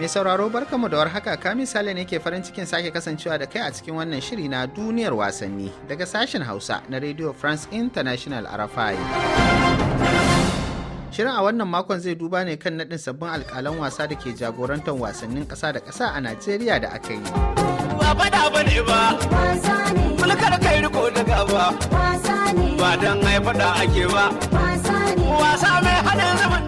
Mai sauraro barkamu da warhaka Kami Sale ne ke farin cikin sake kasancewa da kai a cikin wannan shiri na duniyar wasanni daga sashen Hausa na Radio France International Arafai. Shirin a wannan makon zai duba ne kan naɗin sabbin alƙalan wasa da ke jagorantar wasannin ƙasa da ƙasa a Najeriya da aka yi. Ba ba ba ne ba, mulkar kai riko da ba, ba don ai ake ba, wasa mai hana zama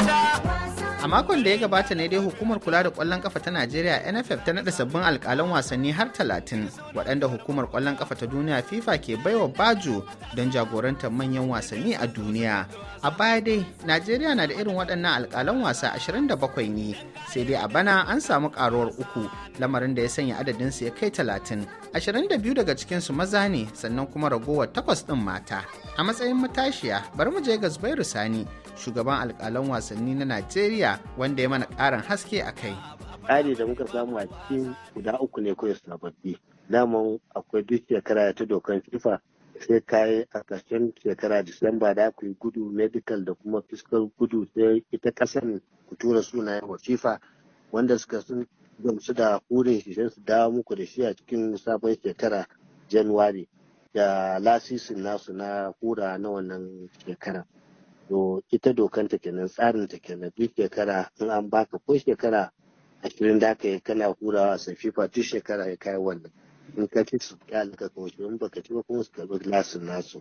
a makon da ya gabata ne dai hukumar kula da kwallon kafa ta najeriya nff ta nada sabbin alkalan wasanni har talatin waɗanda hukumar kwallon kafa ta duniya fifa ke baiwa bajo don jagorantar manyan wasanni a duniya a baya dai najeriya na da irin waɗannan alkalan wasa 27 ne sai dai a bana an samu karuwar uku lamarin da ya sanya adadin su ya kai 30 22 daga cikin su maza ne sannan kuma ragowar takwas ɗin mata a matsayin matashiya bari mu je ga zubairu sani shugaban alkalan wasanni na Najeriya wanda ya mana ƙarin haske a kai. Tsari da muka samu a cikin guda uku ne kawai sababbi. Daman akwai duk shekara ta dokan FIFA sai kayi a ƙarshen shekara Disamba da aka yi gudu medical da kuma fiscal gudu sai ita ƙasar ku tura sunayen wa FIFA wanda suka sun gamsu da hurin shi sai su dawo muku da shi a cikin sabon shekara Januwari da lasisin nasu na hura na wannan shekarar. to ita dokan ta kenan tsarin ta kenan duk shekara in an baka ko shekara ashirin da aka yi kana hurawa sai fifa duk shekara ya kai wannan in ka ci su ya alka kuma in baka ci ba kuma su karbi glasin nasu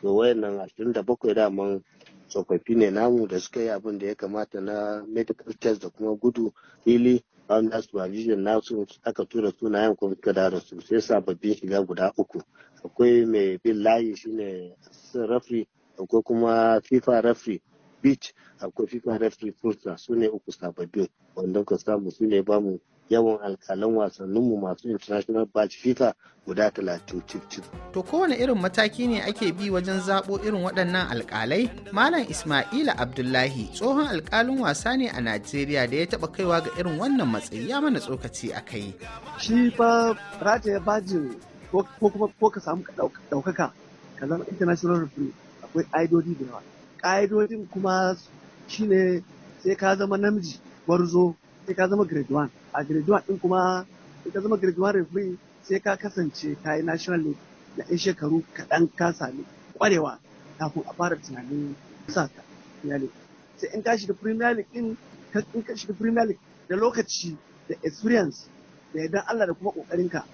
to wayannan ashirin da bakwai daman tsofaffi ne namu da suka yi abin da ya kamata na medical test da kuma gudu fili an da supervision nasu aka tura sunayen kuma suka da su sai sababbin shiga guda uku akwai mai bin layi shine rafi akwai kuma fifa referee beach akwai fifa referee futsal su ne uku sababbin wanda ka samu su ne bamu yawan alkalan wasanninmu masu international batch fifa guda talatin cif To kowane irin mataki ne ake bi wajen zaɓo irin waɗannan alkalai? Malam Ismaila Abdullahi tsohon alkalin wasa ne a Najeriya da ya taɓa kaiwa ga irin wannan matsayi ya mana tsokaci a kai. Shi fa rataye bajin ko kuma ko ka samu ɗaukaka ka zama international referee akwai ƙa'idodi da yawa ƙa'idodin kuma shine sai ka zama namiji gwarzo sai ka zama grade 1 a grade 1 din kuma sai ka zama grade 1 referee sai ka kasance ka yi national league na 'yan shekaru kaɗan ka sami ƙwarewa kafin a fara tunanin sa ka sai in ka shiga premier league din in ka shiga premier league da lokaci da experience da yardan Allah da kuma ƙoƙarinka ka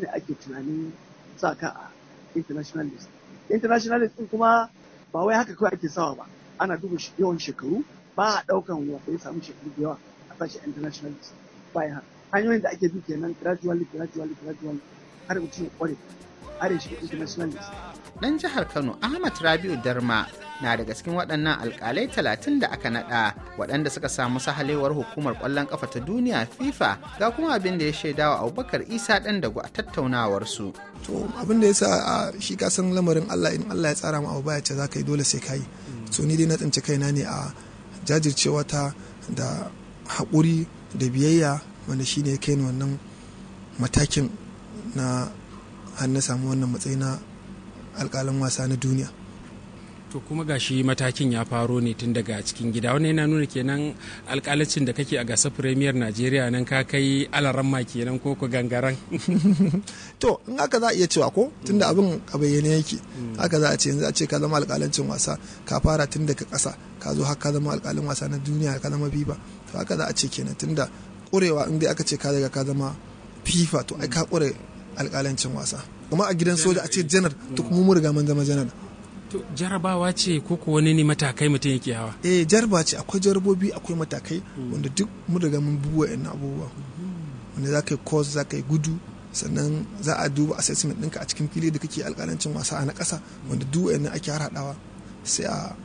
ne ake tunanin sa ka a international league. international league din kuma ba wai haka kawai ake sawa ba ana duba yawan shekaru ba a ɗaukan wanda ya samu shekaru da yawa a sashen international bayan hanyoyin da ake bi kenan gradually gradually gradually har mutum ya kware Irish Internationalist. Ɗan jihar Kano Ahmad Rabiu Darma na daga cikin waɗannan alƙalai talatin da aka naɗa waɗanda suka samu sahalewar hukumar ƙwallon ƙafa ta duniya FIFA ga kuma abin da ya shaidawa Abubakar Isa ɗan dago a tattaunawar su. To abin da ya sa a shi ka san lamarin Allah in Allah ya tsara mu abu baya ce za ka yi dole sai ka yi. Hmm. ni dai na tsinci kaina ne a jajircewa ta da haƙuri da biyayya wanda shine ya kai wannan matakin na har na samu wannan matsayi na alƙalin wasa na duniya to kuma gashi matakin ya faro ne tun daga cikin gida wannan yana nuna kenan alƙalancin da kake a gasar premier najeriya nan ka kai ma kenan ko ku gangaren to in haka za a iya cewa ko tunda mm. abin a bayyane yake mm. haka za a ce yanzu a ce ka zama alƙalancin wasa ka fara tun daga ƙasa ka zo har ka zama alƙalin wasa na duniya ka zama biba to haka za a ce kenan tunda ƙurewa in dai aka ce ka daga ka zama fifa to ai ka ƙure Alkalancin wasa kuma a gidan soja a ce janar to kuma mu riga mun zama janar jarabawa ce ko ko wani ne matakai mutum yake hawa eh jaraba ce akwai jarabobi akwai matakai hmm. wanda duk mun riga mun buwa ina abubuwa wanda za ka yi course za ka yi gudu sannan za a duba assessment ɗinka a cikin fili da kake alkalancin wasa a na ƙasa wanda duk wa'annan ake harhaɗawa sai a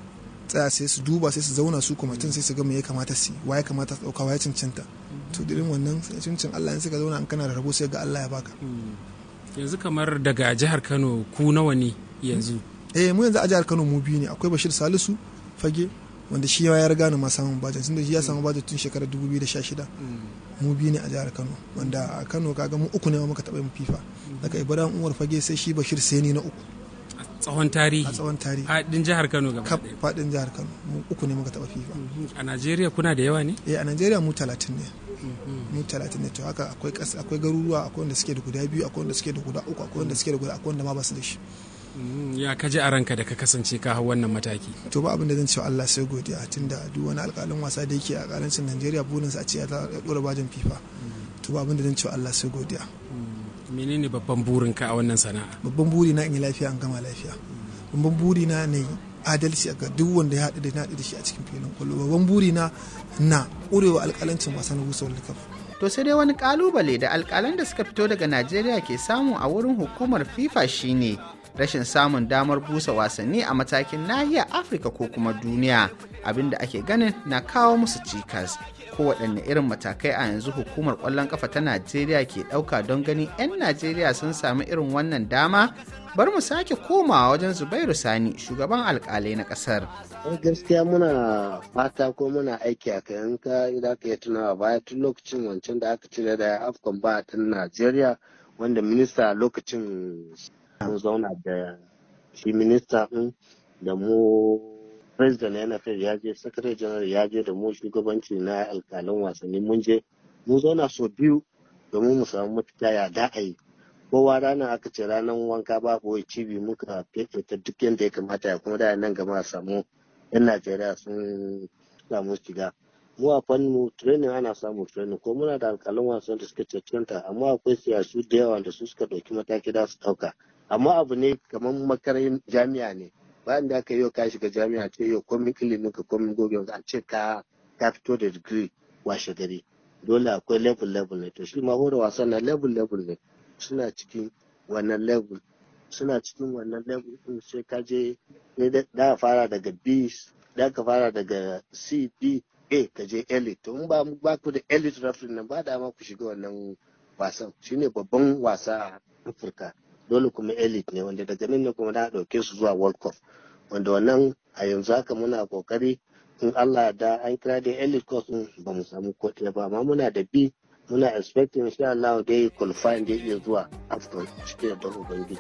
tsaya sai su duba sai su zauna su kwamitin sai su ga me ya kamata su wa ya kamata su dauka wa ya cancanta to irin wannan cancan Allah in suka zauna an kana da rabo sai ga Allah ya baka hmm. yanzu kamar daga jihar Kano ku nawa ne yanzu eh mu yanzu a jihar Kano mu biyu ne akwai Bashir Salisu fage wanda shi ya riga ni ma samun bajin tunda shi ya samu baje tun shekarar 2016 hmm. mu biyu ne a jihar Kano wanda a Kano kaga mu uku ne muka taɓa mu FIFA hmm. daga Ibrahim Umar fage sai shi Bashir sai ni na uku tsawon tarihi a tsawon tarihi faɗin jihar Kano gaba ɗaya faɗin jihar Kano mu uku ne muka taɓa FIFA mhm. a Najeriya kuna da yawa ne eh a Najeriya mu 30 ne mhm. mu 30 ne to haka akwai ƙasa akwai garuruwa akwai wanda suke da guda biyu akwai wanda suke da guda uku akwai wanda suke da guda akwai wanda ma ba su da shi mhm. ya kaji a ranka da ka kasance ka hau wannan mataki to ba abin da zan cewa Allah sai godiya tunda duk wani alƙalin wasa da yake a ƙarancin Najeriya burinsa a ce ya dora bajin FIFA to ba abin da zan cewa Allah sai godiya menene babban burin ka a wannan sana'a babban buri na in yi lafiya an gama lafiya babban buri na ne adalci a ga duk wanda ya haɗu da na da shi a cikin filin kwallo babban buri na na ƙurewa alƙalancin wasan na wani kafa to sai dai wani ƙalubale da alkalan da suka fito daga najeriya ke samu a wurin hukumar fifa shine rashin samun damar busa wasanni a matakin nahiyar afirka ko kuma duniya abinda ake ganin na kawo musu cikas waɗanne irin matakai a yanzu hukumar ƙwallon ƙafa ta najeriya ke ɗauka don ganin 'yan najeriya sun sami irin wannan dama bar mu sake komawa wajen zubairu sani shugaban alkalai na ƙasar eh, gaskiya muna fata ko muna aiki a in ka idan ka tunawa baya tun lokacin wancan da aka cire da afghan ba ta najeriya wanda minista lokacin an zauna da shi minista ɗin da mu president na NFL ya je secretary general ya je da mu shugabanci na alkalin wasanni mun je mun zauna sau biyu domin mu samu mafita ya da a yi kowa rana aka ce ranar wanka babu wai cibi muka fefeta duk yadda ya kamata ya kuma da nan gama samu yan najeriya sun samu shiga mu a fannin training ana samun training ko muna da alkalin wasan da suka cancanta amma akwai siyasu da yawa da su suka ɗauki mataki da su ɗauka amma abu ne kamar makarin jami'a ne bayan da aka yi ka shiga jami'a ce yau komin ilimin ka komin gobe a ce ka ka fito da digiri washe gari dole akwai level level ne to shi ma hore wasan na level level ne suna cikin wannan level suna cikin wannan level din sai ka je da fara daga B da ka fara daga C D A ka je elite to in ba ba ku da elite referee nan ba da ma ku shiga wannan wasan shine babban wasa a Afirka dole kuma elite ne wanda daga nan ne kuma da ɗauke su zuwa world cup wanda wannan a yanzu haka muna kokari in allah da an kira da elite cup din ba mu samu ko ɗaya ba amma muna da bi muna expecting insha Allah da ya qualifying da iya zuwa afcon cikin da ubangi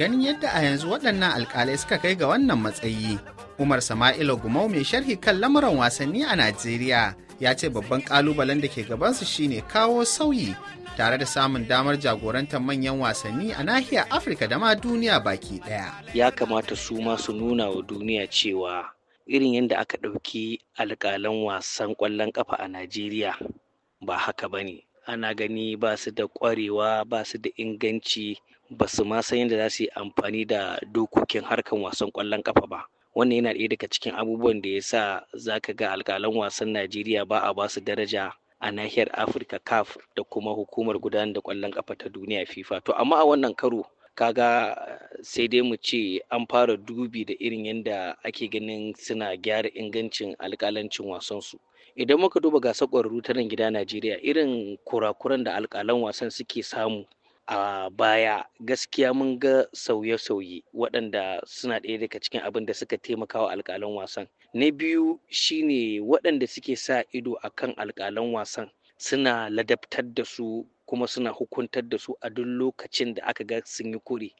ganin yadda a yanzu waɗannan alƙalai suka kai ga wannan matsayi umar sama'ila gumau mai sharhi kan lamuran wasanni a najeriya ya ce babban kalubalen da ke gabansu shine kawo sauyi tare da samun damar jagorantar manyan wasanni a nahiyar afirka da ma duniya baki daya ya kamata su ma su nuna wa duniya cewa irin yadda aka ɗauki alƙalan wasan ƙwallon ƙafa a najeriya ba haka ba ne ana gani ba su da ƙwarewa ba su da inganci ba su ma san yadda za su yi amfani da dokokin harkan wasan ƙwallon ƙafa ba wannan yana ɗaya daga cikin abubuwan da ya sa za ka ga alƙalan wasan najeriya ba a basu daraja a nahiyar afirka caf da kuma hukumar gudanar da ƙwallon ƙafa ta duniya fifa to amma a wannan karo kaga sai dai mu ce an fara dubi da irin yadda ake ganin suna gyara ingancin alƙalancin wasansu idan muka duba gasar ƙwararru ta nan gida najeriya irin kurakuran da alƙalan wasan suke samu a baya gaskiya mun ga sauye-sauye waɗanda suna ɗaya daga cikin abin da suka taimaka wa alƙalan wasan na biyu shine waɗanda suke sa ido akan alƙalan wasan suna ladabtar da su kuma suna hukuntar da su a duk lokacin da aka ga sun yi kure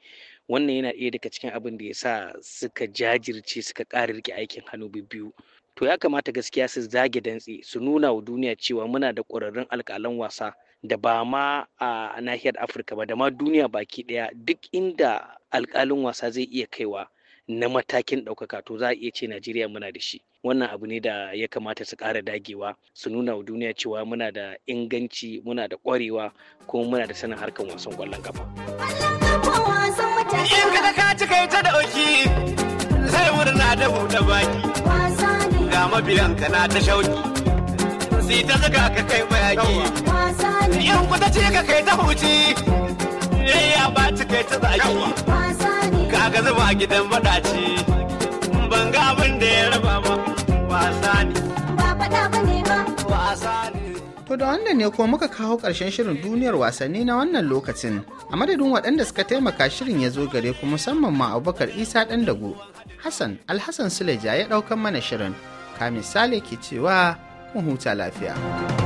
wannan yana ɗaya daga cikin abin da ya sa suka jajirce suka ƙara rike aikin hannu biyu to ya kamata gaskiya su zage dantse su nuna wa duniya cewa muna da ƙwararrun alƙalan wasa da ba ma a nahiyar afirka ba da ma duniya baki ɗaya duk inda alkalin wasa zai iya kaiwa na matakin ɗaukaka to za a iya ce najeriya muna da shi wannan abu ne da ya kamata su ƙara dagewa su nuna wa duniya cewa muna da inganci muna da ƙwarewa kuma muna da sanin harkar wasan ƙwallon kafa. sai ta zaka ka kai bayaki. Yan ku ka kai ta huci eh, ya ba kai ta zaki kaga zuba gidan madaci ban ga abin da ya raba ba wasa ne ba wasa ne To da wannan ne ko muka kawo ƙarshen shirin duniyar wasanni na wannan lokacin. A madadin waɗanda suka taimaka shirin ya zo gare ku musamman ma Abubakar Isa ɗan dago. Hassan Alhassan Suleja ya ɗaukan mana shirin. Kamin misali ke cewa mu huta lafiya.